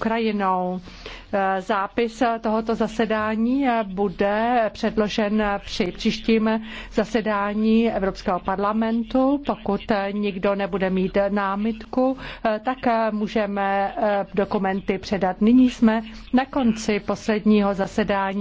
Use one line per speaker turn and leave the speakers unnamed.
Ukrajinou. Eh, zápis tohoto zasedání eh, bude předložen při příštím zasedání Evropského parlamentu. Pokud eh, nikdo nebude mít námitku, tak můžeme dokumenty předat. Nyní jsme na konci posledního zasedání.